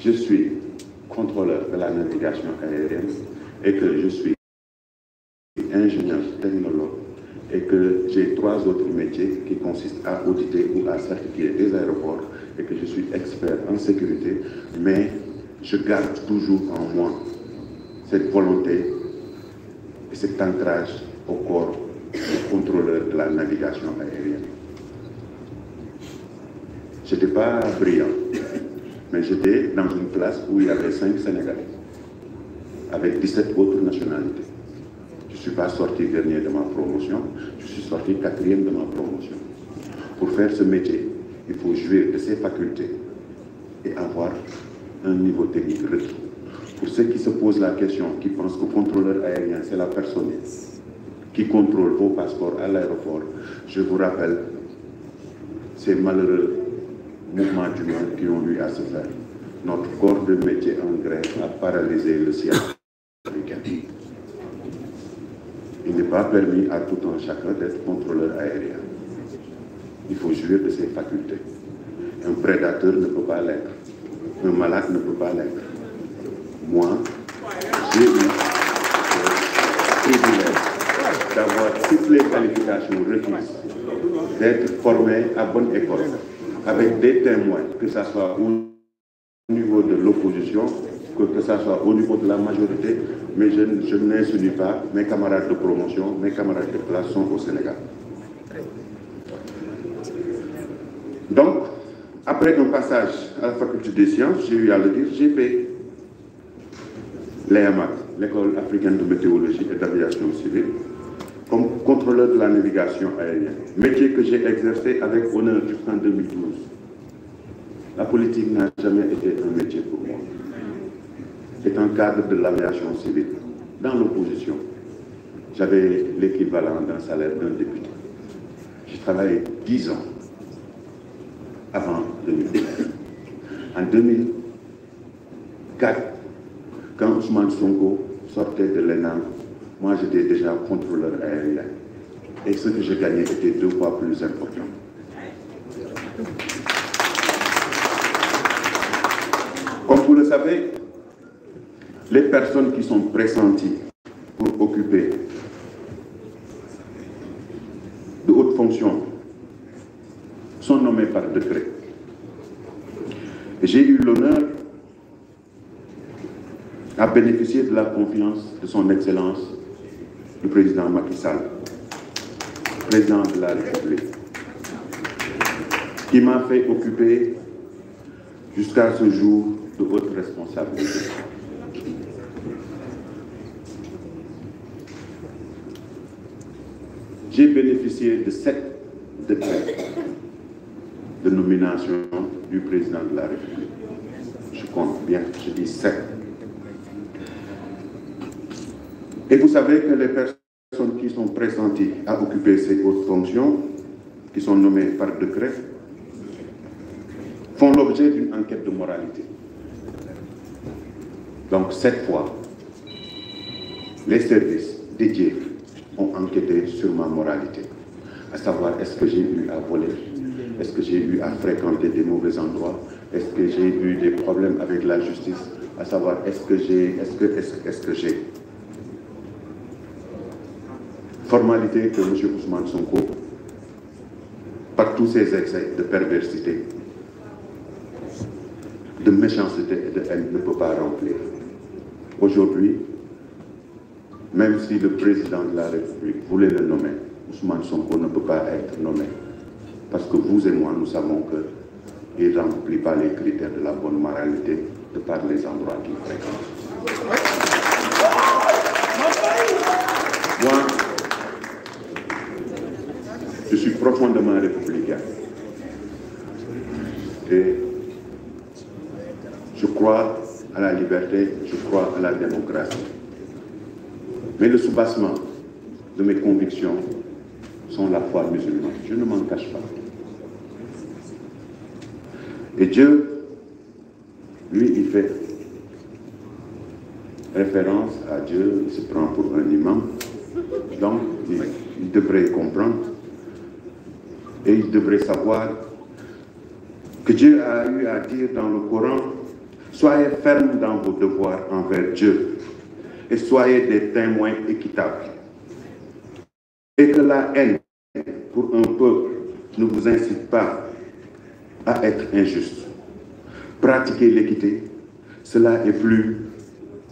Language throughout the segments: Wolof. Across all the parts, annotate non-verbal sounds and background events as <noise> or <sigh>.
je suis contrôleur de la navigation aérienne et que je suis ingénieur technologue et que j'ai trois autres métiers qui consistent à auditer ou à certifier des aéroports et que je suis expert en sécurité, mais je garde toujours en moi cette volonté et cet ancrage au corps du contrôleur de la navigation aérienne. Je n'étais pas brillant, mais j'étais dans une classe où il y avait 5 Sénégalais, avec 17 autres nationalités. Je ne suis pas sorti dernier de ma promotion, je suis sorti quatrième de ma promotion. Pour faire ce métier, il faut jouir de ses facultés et avoir un niveau technique Pour ceux qui se posent la question, qui pensent que contrôleur aérien, c'est la personne qui contrôle vos passeports à l'aéroport, je vous rappelle, c'est malheureux mouvements monde qui ont eu à se faire. Notre corps de métier en grève a paralysé le ciel Il n'est pas permis à tout un chacun d'être contrôleur aérien. Il faut jouir de ses facultés. Un prédateur ne peut pas l'être. Un malade ne peut pas l'être. Moi, j'ai eu le privilège d'avoir toutes les qualifications requises, d'être formé à bonne école, avec des témoins, que ce soit au niveau de l'opposition, que, ce soit au niveau de la majorité, mais je, je n'insulte pas mes camarades de promotion, mes camarades de place sont au Sénégal. Donc, après mon passage à la faculté des sciences, j'ai eu à le dire, j'ai fait l'EAMAC, l'école africaine de météorologie et d'aviation civile, comme contrôleur de la navigation aérienne, métier que j'ai exercé avec honneur jusqu'en 2012. La politique n'a jamais été un métier pour moi. C'est un cadre de l'aviation civile, dans l'opposition. J'avais l'équivalent d'un salaire d'un député. J'ai travaillé 10 ans avant 2004. En 2004, quand Ousmane Songo sortait de l'ENAM moi, j'étais déjà contrôleur aérien. Et ce que j'ai gagné était deux fois plus important. Comme vous le savez, les personnes qui sont pressenties pour occuper de hautes fonctions sont nommées par décret. J'ai eu l'honneur à bénéficier de la confiance de son Excellence le président Macky Sall, président de la République, qui m'a fait occuper jusqu'à ce jour de votre responsabilité. J'ai bénéficié de sept décrets de nomination du président de la République. Je compte bien, je dis sept. Et vous savez que les personnes qui sont pressenties à occuper ces hautes fonctions, qui sont nommées par décret, font l'objet d'une enquête de moralité. Donc cette fois, les services dédiés ont enquêté sur ma moralité, à savoir est-ce que j'ai eu à voler, est-ce que j'ai eu à fréquenter des mauvais endroits, est-ce que j'ai eu des problèmes avec la justice, à savoir est-ce que j'ai, est que, est-ce que j'ai formalité que M. Ousmane Sonko, par tous ses excès de perversité, de méchanceté et de haine, ne peut pas remplir. Aujourd'hui, même si le président de la République voulait le nommer, Ousmane Sonko ne peut pas être nommé. Parce que vous et moi, nous savons qu'il ne remplit pas les critères de la bonne moralité de par les endroits qu'il fréquente. républicain. Et je crois à la liberté, je crois à la démocratie. Mais le sous soubassement de mes convictions sont la foi musulmane. Je ne m'en cache pas. Et Dieu, lui, il fait référence à Dieu, il se prend pour un imam. Donc, il devrait comprendre et il devrait savoir que Dieu a eu à dire dans le Coran, soyez fermes dans vos devoirs envers Dieu et soyez des témoins équitables. Et que la haine pour un peuple ne vous incite pas à être injuste. Pratiquez l'équité, cela est plus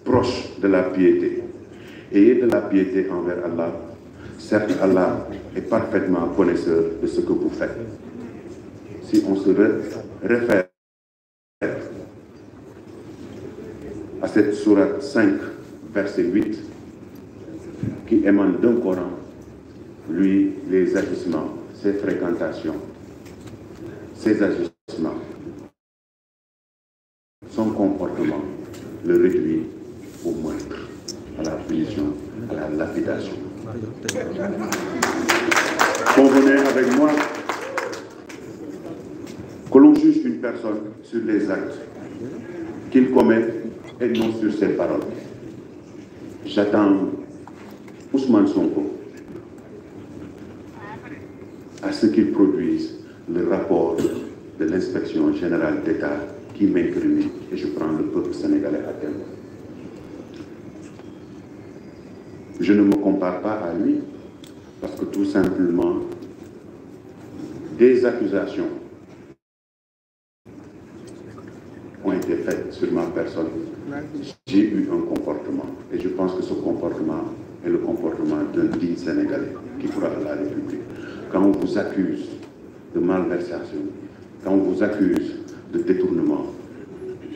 proche de la piété. Ayez de la piété envers Allah Certes, Allah est parfaitement connaisseur de ce que vous faites. Si on se réfère à cette surat 5, verset 8, qui émane d'un Coran, lui, les agissements, ses fréquentations, ses agissements, son comportement le réduit au moindre, à la punition, à la lapidation. Convenez avec moi que l'on juge une personne sur les actes qu'il commet et non sur ses paroles. J'attends Ousmane Sonko à ce qu'il produise le rapport de l'inspection générale d'État qui m'incrimine et je prends le peuple sénégalais à terme. je ne me compare pas à lui, parce que tout simplement, des accusations ont été faites sur ma personne. J'ai eu un comportement, et je pense que ce comportement est le comportement d'un digne Sénégalais qui fera la République. Quand on vous accuse de malversation, quand on vous accuse de détournement,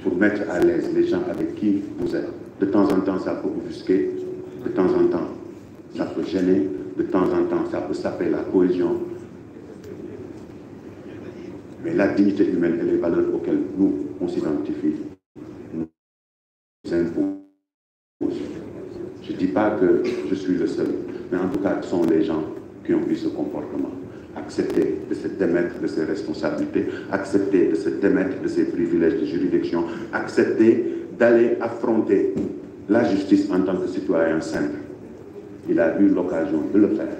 pour mettre à l'aise les gens avec qui vous êtes, de temps en temps, ça peut vous busquer de temps en temps, ça peut gêner, de temps en temps, ça peut saper la cohésion. Mais la dignité humaine et les valeurs auxquelles nous, on s'identifie, nous imposent. Je ne dis pas que je suis le seul, mais en tout cas, ce sont les gens qui ont vu ce comportement. Accepter de se démettre de ses responsabilités, accepter de se démettre de ses privilèges de juridiction, accepter d'aller affronter la justice en tant que citoyen simple. Il a eu l'occasion de le faire.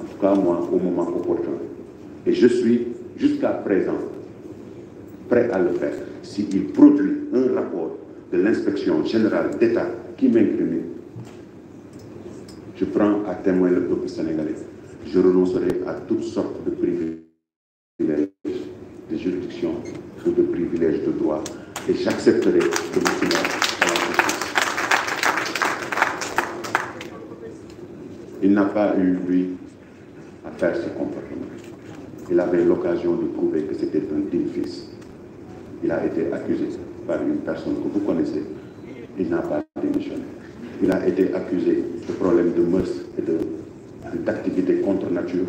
En tout cas, moi, au moment opportun. Et je suis, jusqu'à présent, prêt à le faire. S'il produit un rapport de l'inspection générale d'État qui m'incrimine, je prends à témoin le peuple sénégalais. Je renoncerai à toutes sortes de privilèges, de juridictions ou de privilèges de droit et j'accepterai que vous finissiez. Il n'a pas eu, lui, à faire ce comportement. Il avait l'occasion de prouver que c'était un digne fils. Il a été accusé par une personne que vous connaissez. Il n'a pas démissionné. Il a été accusé de problèmes de mœurs et d'activités contre nature.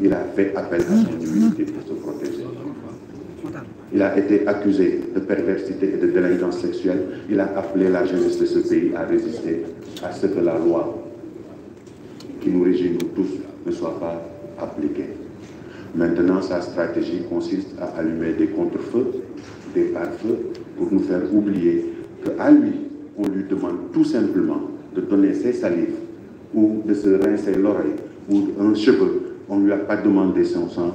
Il, a fait appel à son humilité pour se protéger. Il a été accusé de perversité et de délinquance sexuelle. Il a appelé la jeunesse de ce pays à résister à ce que la loi qui nous régit, nous tous, ne soit pas appliquée. Maintenant, sa stratégie consiste à allumer des contre-feux, des pare-feux, pour nous faire oublier qu'à lui, on lui demande tout simplement de donner ses salives ou de se rincer l'oreille ou un cheveu. On ne lui a pas demandé son sang,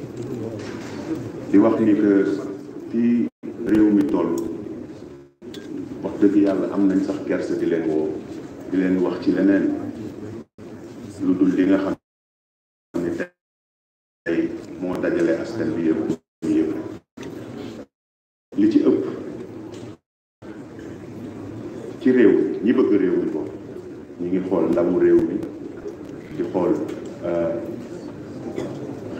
di wax ni que ci réew mi toll wax dëgg yàlla am nañ sax kersa di leen di leen wax ci leneen lu dul li nga xam ne tey moo dajale askan bi yëpp li ci ëpp ci réew mi ñi bëgg réew mi ko ñu ngi xool ndamu réew mi di xool euh,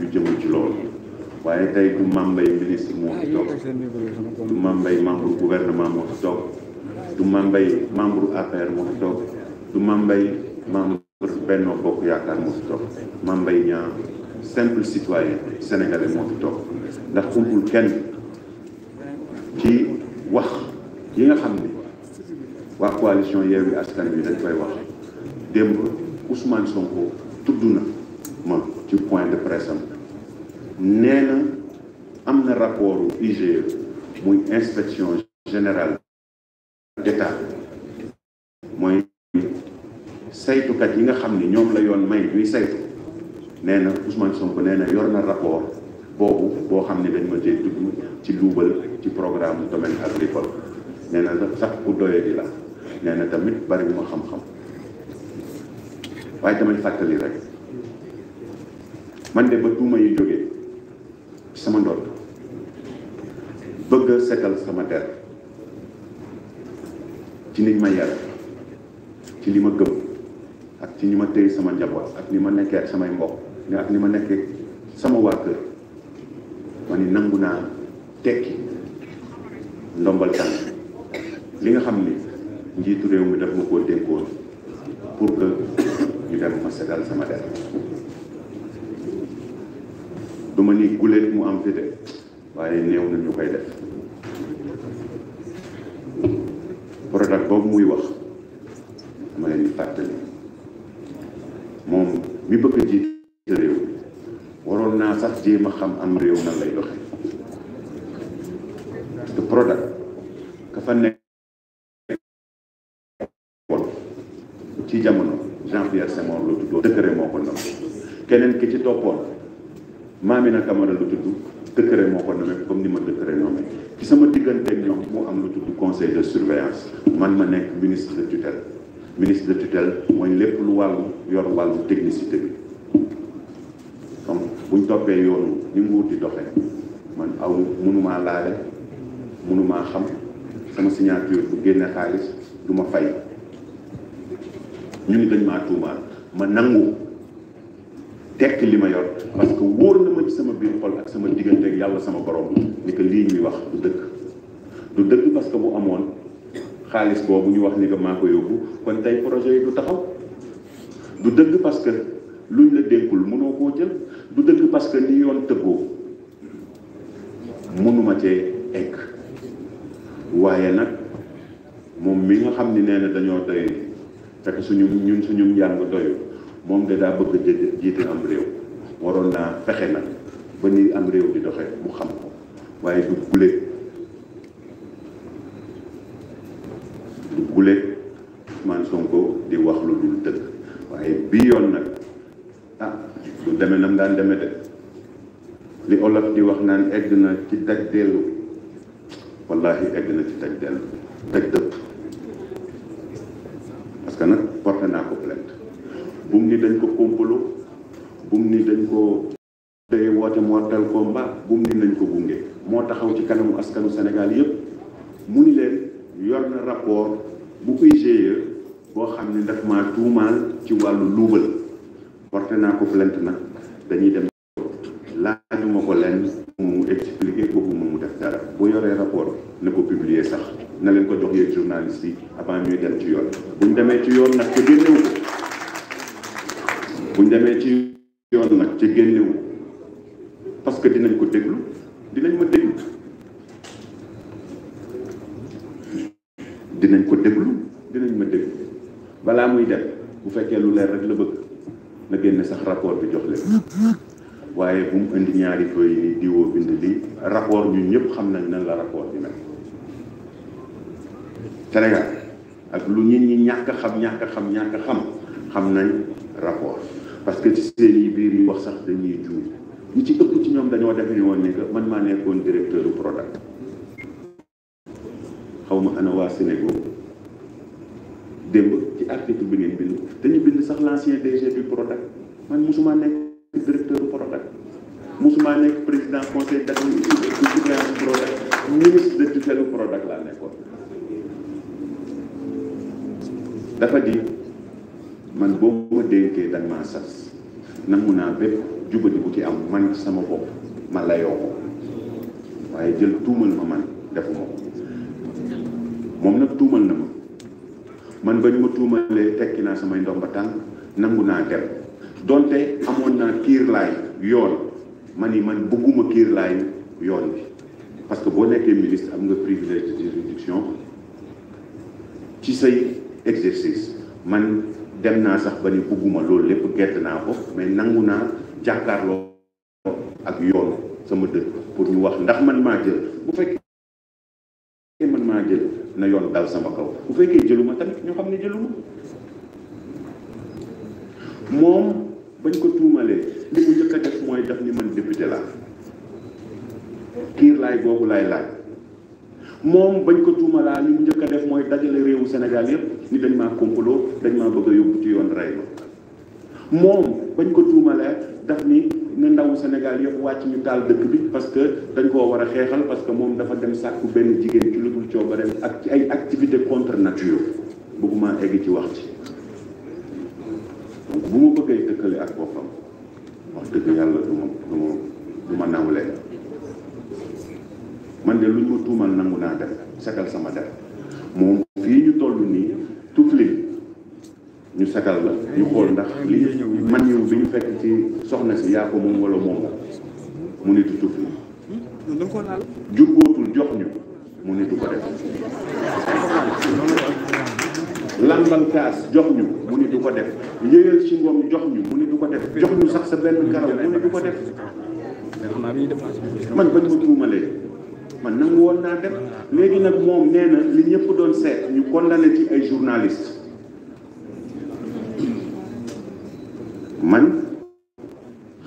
ñu jëmul ci loolu waaye tey du mambay ministre moo fi toog du mambay membre gouvernement moo fi toog du mambay membre APR Bokk Yaakaar moo fi toog mambay ñaa simple citoyen sénégalais moo fi toog ndax umpul kenn ci wax yi nga xam ne waa coalition Yewwi Askan Wi dañ koy wax démb Ousmane Sonko tudd na ma ci point de presse am na am na rapportu IGE muy inspection générale d'État mooy saytukat yi nga xam ni ñoom la yoon may ñuy saytu nee na Ousmane Sonko nee na yor na rapport boobu boo xam ni dañ ma cee ci luubal ci programme domaine agricole nee na sax ku doye di la nee na tamit bari bu ma xam-xam waaye damay fàttali rek man de ba tuuma yu joge sama ndol bëgg setal sama der ci niñ ma yar ci li ma gëm ak ci ma sama njaboot ak ni ma nekké ak sama mbokk ni ak ni ma nekké sama wa kër mani teki, tekki ndombal tan li nga xamni njitu rew mi daf ma pour que ñu dem ma setal sama der ma ni guléet mu am fi waaye néew na ñu koy def Prodac boobu muy wax ma leen di fàttali moom mi bëgg a jiite réew waroon naa sax jéem a xam am réew nan lay doxe parce que ka fa nekk ci jamono Jean Pierre Senghor la tuddoo décret moo ko nangu keneen ki ci toppoon maamina kamara lu tuddu deukere moko ko nommé comme ni ma décret nommé ci sama digënté ñom mo am lu tuddu conseil de surveillance man ma nek ministre de tutelle ministre de tutelle moy lepp lu walu yor walu technicité bi donc buñ topé yoonu ni nguur di man aw mënuma laalé mënuma xam sama signature bu génné xaaliss duma fay ñu ni dañ ma tuumaal ma nangu tekk li ma yor parce que wóor na ma sama biir xol ak sama diggante ak yàlla sama borom ni que lii ñuy wax du dëgg du dëgg parce que bu amoon xaalis boobu ñu wax ni ko maa ko yóbbu kon tey projet yi du taxaw du dëgg parce que luñ la dénkul mënoo koo jël du dëgg parce que li yoon tëggoo mënuma cee egg waaye nag moom mi nga xam ni nee na dañoo doy fekk suñu ñun suñu njàng doyul moom de daa bëgg jiite am réew waroon naa fexe nag ba ni am réew di doxee mu xam ko waaye du gule du gule Ousmane Sonko di wax lu dul dëgg waaye bii yoon nag ah lu demee nam daan deme de li olof di wax naan egg na ci daj dellu wallahi egg na ci daj dellu daj dëpp parce que nag porté naa ko plainte bu mu ni dañ ko komplo bu mu ni dañ ko tey woote mortel combat bu mu ni nañ ko gunge moo taxaw ci kanamu askanu Sénégal yëpp mu ni leen yor na rapport bu IGE boo xam ni daf ma tuumaal ci wàllu luubal porté naa ko plainte na dañuy dem laajuma ko leen mu expliquer boobu mu def dara bu yoree rapport na ko publier sax na leen ko jox yéen journaliste yi avant ñuy dem ci yoon buñ demee ci yoon nag ko génnewu buñ demee ci yoon nag ci génnewu parce que dinañ ko déglu dinañ ma déglu dinañ ko déglu dinañ ma déglu balaa muy dem bu fekkee lu leer rek la bëgg na génne sax rapport bi jox leen waaye bu mu indi ñaari feuille ni diwoo bind lii rapport ñun ñëpp xam nañ nañ la rapport bi mel Sénégal ak lu ñu ñi ñàkk xam ñàkk xam ñàkk xam xam nañ rapport parce que ci seen yi biir yi wax sax dañuy juum ñi ci ëpp ci ñoom dañoo defe ni woon ne que man maa nekkoon directeur product xaw ma ana waa Sénégal démb ci article bi ngeen bind dañu bind sax l' ancien DG du product man musuma nekk directeur product musuma nekk président conseil d' administration du product ministre de tutelle product laa nekkoon dafa di man boo ma dénkee dañ sas nangu naa bépp jubadi bu ci am man sama bopp ma layoo ko waaye jël tuumal ma man defuma ko moom nag tuumal na ma man ba ñu ma tuumalee tekki naa samay ndomba tànk nangu naa dem doonte amoon naa kiir laay yoon ma ni man bëgguma kiir laay yoon bi parce que boo nekkee ministre am nga privilège de ci say exercice man dem na sax ba ni bugguma loolu lépp gedd naa ko mais nanguna jakarlo ak yoon sama deuk pour ñu wax ndax man ma jël bu fekke man ma jël na yoon dal sama kaw bu fekke jëluma tamit ñu xamni jëluma mom bañ ko tumalé li mu jëkka def moy def ni man député la kiir lay googu lay laaj moom bañ ko tuumalaa li mu njëkk a def mooy dajale réewu Sénégal yëpp ni dañ maa kompaloo dañ maa bëgg yóbbu ci yoon rey ma moom bañ ko tuumalee daf ni ne ndawu Sénégal yëpp wàcc ñu taal dëkk bi parce que dañ koo war a xeexal parce que moom dafa dem sàkku benn jigéen ci lu dul coobareem ak ci ay activité contre nature bëgguma egg ci wax ci donc bu ma bëggee dëkkale ak boppam wax dëgg yàlla du ma du ma du ma man de lu ñu ma tuumal nangu naa def sagal sama def moom fii ñu toll nii tufli ñu sakal la ñu xool ndax li man ñëw bi ñu fekk ci soxna si yaa ko moom wala moom mu ni du tufli jubootul jox ñu mu ni du ko def lambal kaas jox ñu mu ni du ko def jox ñu sax sa benn karaw mu ni du ko def man bañ ma tuumalee man nangu woon naa dem léegi nag moom nee na li ñëpp doon seet ñu condamné ci ay journaliste man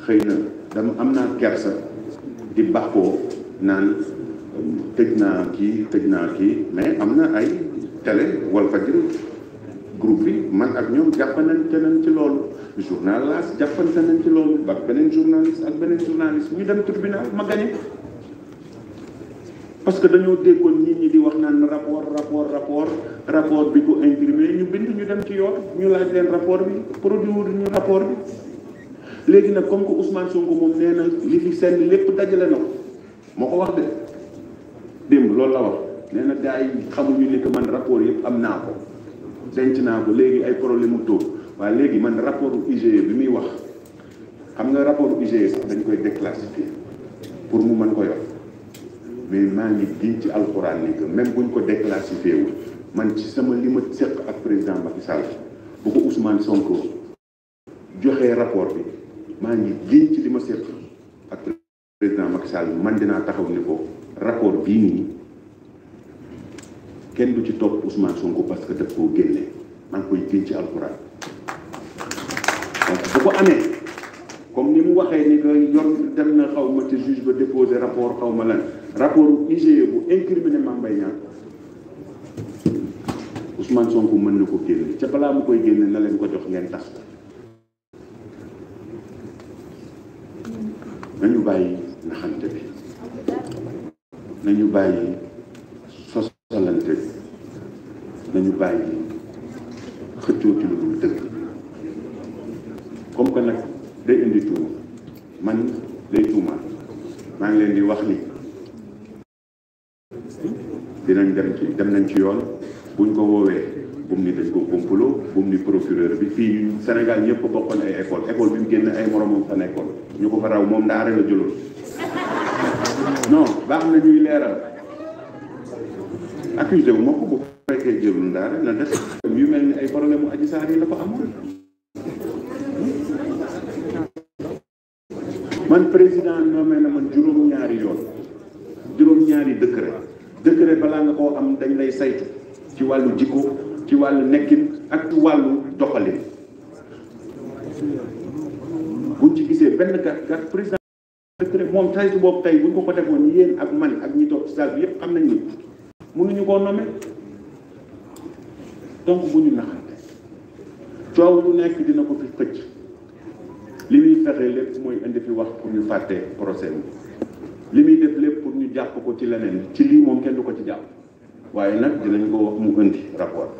xëy na dama am naa kersa di baaxoo naan tëj naa kii tëj naa kii mais am na ay télé Walfadjri groupe yi man ak ñoom jàppante nañ ci loolu journal laas jàppante nañ ci loolu ak beneen journaliste ak beneen journaliste ñu dem tribunal ma parce que dañoo déggoon nit ñi di wax naan rapport rapport rapport rapport bi ko imprimé ñu bind ñu dem ci yoon ñu laaj leen rapport bi produire ñu rapport bi léegi nag comme que Ousmane Sonko moom nee na li fi seen lépp dajale na moo ko wax de démb loolu la wax nee na gars xamuñu lépp que man rapport yëpp am naa ko denc naa ko léegi ay problème mu tóob waaye léegi man rapport IGE bi muy wax xam nga rapport IGE sax dañ koy déclassifier pour mu mën ko yor mais maa ngi giñ ci alxuraan ni que même buñ ko déclassifié wul man ci sama li ma seq ak président Macky Sall bu ko Ousmane Sonko joxee rapport bi maa ngi giñ ci li ma seq ak président Macky Sall man dinaa taxaw ni ko rapport bii nii kenn du ci topp Ousmane Sonko parce que daf koo génne man koy giñ ci alxuraan donc bu ko amee comme ni mu waxee ni que yor dem na xaw ma ci juge ba déposer rapport xaw ma lan rapport IGE bu incriminé Mame Mbaye Niang Ousmane Sonko mën na ko génne ca balaa mu koy génn na leen ko jox ngeen tas nañu bàyyi naxante bi nañu bàyyi sosalante bi nañu bàyyi xëccoo ci lu dul dëgg comme que nag day indi tuuma man day tuuma maa leen di wax ni dinañ dem ci dem nañ ci yoon buñ ko woowee bum ni dañ ko komplo bum ni procureur bi fii Sénégal ñëpp ko bokkoon ay école école bi mu génn ay moromam fa nekkoon ñu ko fa raw moom daara la jëloon baax na ñuy leeral accusé wu ma ko bu fekkee des yu mel ni ay problème mu Adji Sarr yi la ko amoon man président mel na man juróom-ñaari yoon juróom-ñaari décret décret balaa nga koo am dañ lay saytu ci wàllu jikko ci wàllu nekkin ak ci wàllu doxalin buñ ci gisee benn gàtt gàtt président décret moom saytu boobu tey buñ ko ko defoon yéen ak man ak ñi toog ci salle bi yépp xam nañ ni mënuñu koo nommé donc bu ñu naxante coow bu nekk dina ko fi xëcc li ñuy fexe lépp mooy indi fi wax pour ñu fàtte procès bi li muy def lépp pour ñu jàpp ko ci leneen ci lii moom kenn du ko ci jàpp waaye nag dinañ ko wax mu indi rapport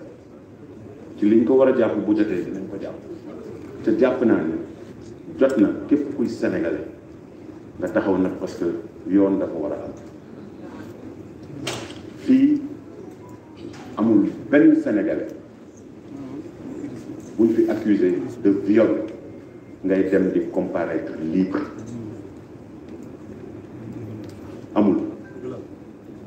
ci liñ ko war a jàpp bu jotee dinañ ko jàpp te jàpp naa ne jot na képp kuy sénégalais nga taxaw nag parce que yoon dafa war a am fii amul benn sénégalais buñ fi accusé de viol ngay dem di comparaître libre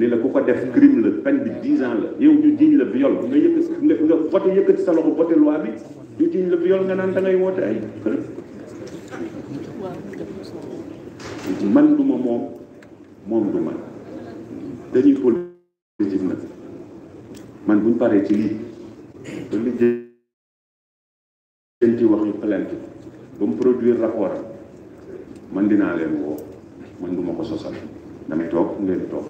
ni la ku ko def crime la peine bi 10 ans la yow ñu diñ la viol nga yëk nga nga voté yëk sa loxo voté loi bi ñu diñ la viol nga nan da ngay woote ay man duma mom mom duma man dañuy politique nag man buñ paré ci li ba li jënti wax yu plainte bu mu produire rapport man dina len wo man duma ko sosal damay tok ngeen tok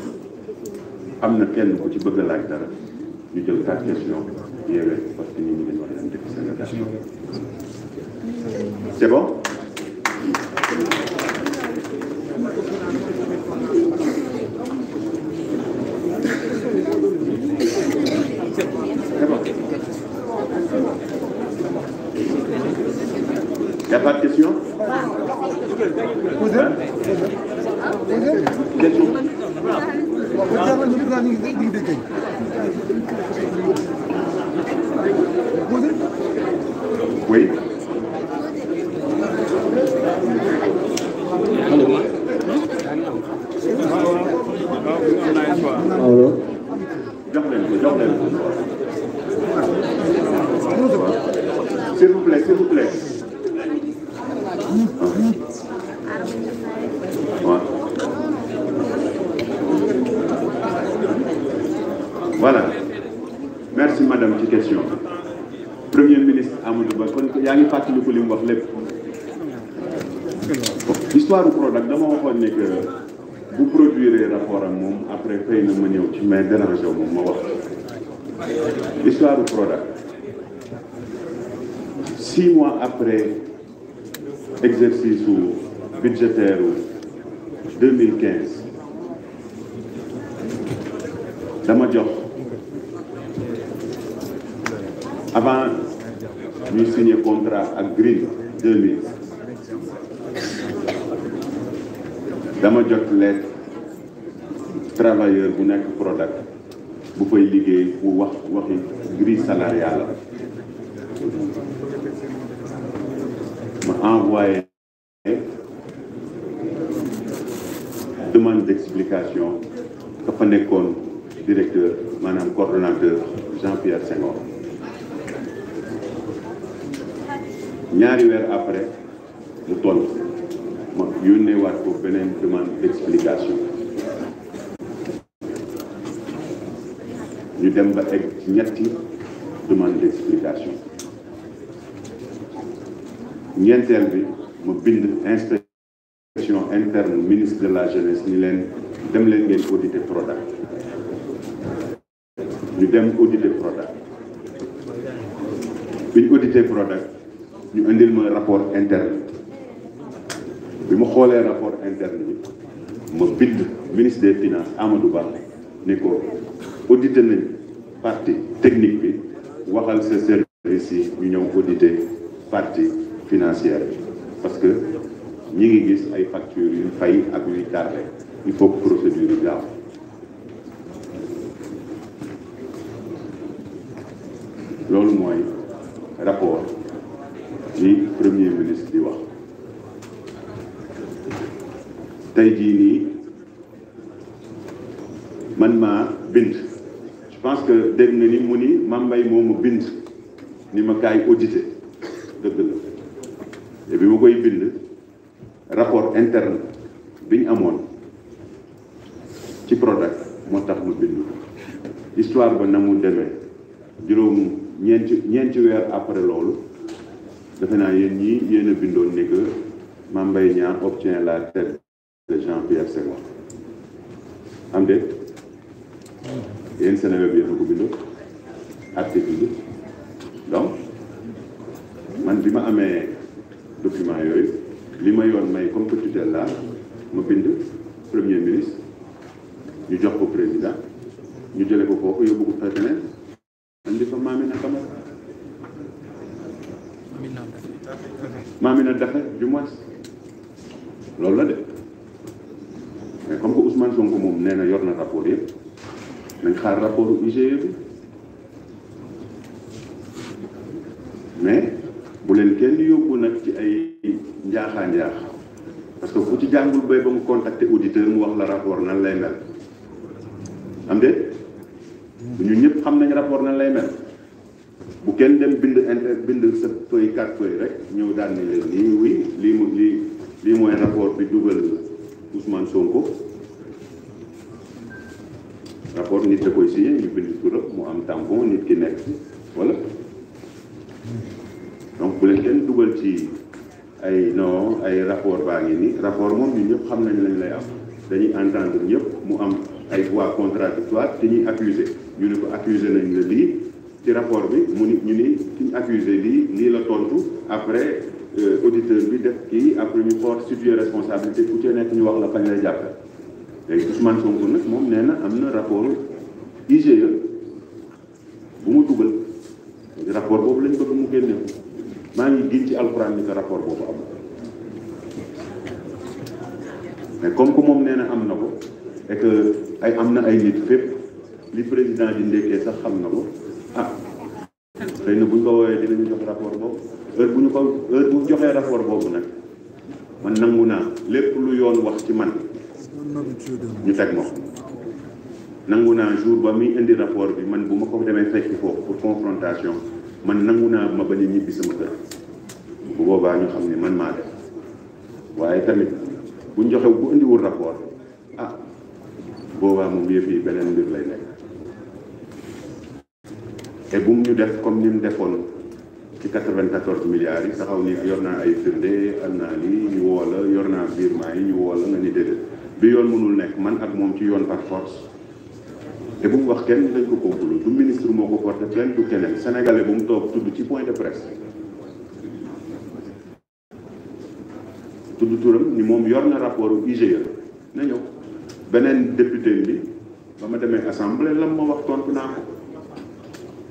am na kenn ku ci bëgg a laaj dara ñu jël quatre questions yéewee parce que ñu ngi leen wax leen dëkk Sénégal c'est bon voilà merci madame ci question premier ministre Amadou Ba kon a ngi de li mu wax lépp histoire du Prodac dama waxoon ne que produirez un rapport à moi après xëy na ma ñëw ci m'a dérangé au ma wax histoire du produit. six mois après l'exercice budgétaire 2015 dama avant de signer le contrat à Green 2000 dama jot lettre travailleur bu nek product bu pouvez lire pour voir waxi grille salariale la ma une demande d'explication que fa le directeur madame coordonnateur Jean-Pierre Senghor ñaari weer après mu tontu ma yónnee waat ko beneen demande d'explication ñu dem ba egg ci ñetti demande d'explication ñeenteel bi ma bind inspection interne ministre de la jeunesse ni leen dem leen ngeen audité Prodac ñu dem audité Prodac ñu indil ma rapport interne bi ma xoolee rapport interne bi ma bind ministre des finances Amadou Ba ni ko audité nañ partie technique bi waxal sa service yi ñu ñëw audité partie financière parce que ñi ngi gis ay facture yu fay ak yuy tardé il faut que procédure yi gaaw loolu mooy rapport li premier ministre di wax tay jii ni man ma bind je pense que deg na ni muni mam bay momu bind ni ma kay audité deug la et bi ma koy bind rapport interne biñ amone ci product mo tax ma bind histoire ba namu mu juroom ñent ñent wër après lolu defe naa yéen ñii yéen a bindoon ni que Mame Mbaye Niang obtient la tête de Jean-Pierre Senghor am de sene Seneweb yéen a ko bindoo article bi donc man bima ma amee document yooyu li ma may comme tutelle la ma bind premier ministre ñu jox ko président ñu jële ko foofu yóbbu ko feneen andi fa Mamina Camara ma min maamina daxe du moins loolu la de mais comme que Ousmane Sonko moom nee na yor na rapport yëpp nañ xaar rapport IGE bi mais bu leen kenn yóbbu nag ci ay njaaxaa njaax parce que ku ci jàngul bay ba mu contacter auditeur mu wax la rapport nan lay mel am de ñun ñëpp xam nañ rapport nan lay mel bu kenn dem bind inter bind sa feuille quatre feuille rek ñëw daal ni leen lii oui lii mu lii lii mooy rapport bi dugal Ousmane Sonko rapport nit da koy signé ñu bind turam mu am tampon nit ki nekk wala donc bu leen kenn dugal ci ay non ay rapport baa ngi nii rapport moom ñu ñëpp xam nañ lañ lay am dañuy entendre ñëpp mu am ay voix contradictoire te ñuy accusé ñu ne ko accusé nañ la lii ci rapport bi mu ni ñu ni kiñ accusé lii nii la tontu après euh, auditeur bi def kii après ñu xool situé responsabilité ku ci nekk ñu wax la kañ la jàppe léegi Ousmane Sonko nag moom nee na am na rapport IGE bu mu dugal rapport boobu lañ bëgg mu génne maa ngi gis ci alxuraan ni que rapport boobu amul mais comme que moom nee na am na ko et ay am na ay nit fépp li président bi ndekkee sax xam na ko ah xëy na bu ñu ko woowee dinañu jox rapport boobu heure bu ñu ko bu joxee rapport boobu nag man nangu naa lépp lu yoon wax ci man ñu teg ma nangu naa jour ba muy indi rapport bi man bu ma ko demee fekki foofu pour confrontation man nangu naa ma ba a ñibbi sama kër bu boobaa ñu xam ni man maa def waaye tamit buñ ñu joxe bu indiwul rapport ah boobaa mu yëf yi beneen mbir lay nekk. te bu mu ñu def comme ni mu defoon ci 94 milliards yi taxaw ni yor naa ay firnde am naa lii ñu woo la yor naa virement yi ñu woo la nga ni déedéet bi yoon mënul nekk man ak moom ci yoon par force te bu mu wax kenn dañ ko complot du ministre moo ko porté plainte du keneen sénégalais bu mu toog tudd ci point de presse tudd turam ni moom yor na rapport IGE na ñëw beneen député bi ba ma demee assemblée lam ma wax tontu naa ko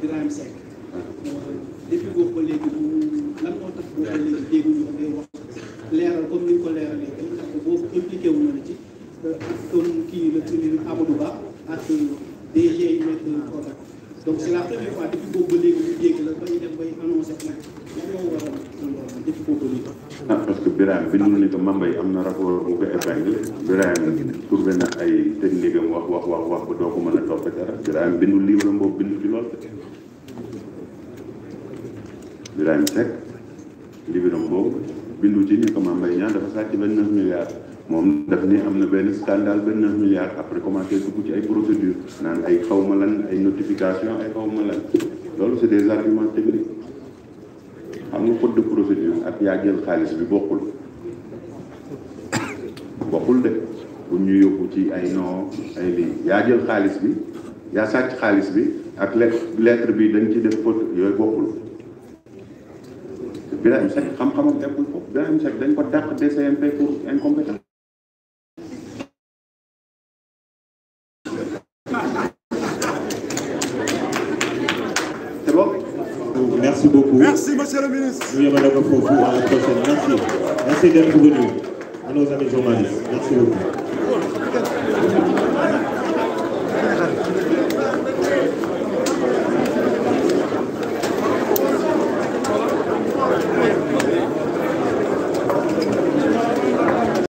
Birahim Seck depuis boobu ba léegi lan moo tax boobu ba léegi dégguñu ko ngay ko léegi parce que Ba ak DG yi nekk Kodak donc c'est la première fois depuis boobu léegi ñu dégg la bay dem bay annoncé nag lan ah, bi ñu ne que Mambay ko épinglé Birahim trouvé na ay technique am wax wax wax wax ba doo dara Birahim bindul livre am boobu ci loolu Birahim Seck livre am boobu bindul ci ni ko Mame Mbaye dafa sàcc vingt neuf milliards moom daf ni am na benn scandale vingt neuf milliards après commencé dugg ci ay procédure naan ay xaw ma lan ay notification ay xawma lan loolu c'est des arguments techniques xam nga code de procédure ak yaa jël xaalis bi bokkul <coughs> bokkul de bu ñu yóbbu ci ay noo ay lii yaa jël xaalis bi yaa sàcc xaalis bi ak lettre lettre bi dañ ci def photo yooyu bokkul Birahim Seck xam-xamam nekkul foofu Birahim Seck dañ ko dàq DCMP pour incompétent c'est bon. merci beaucoup merci monsieur le ministre. ñu yemale ko foofu à la prochaine merci merci d'être venu à nos amis journalistes merci beaucoup.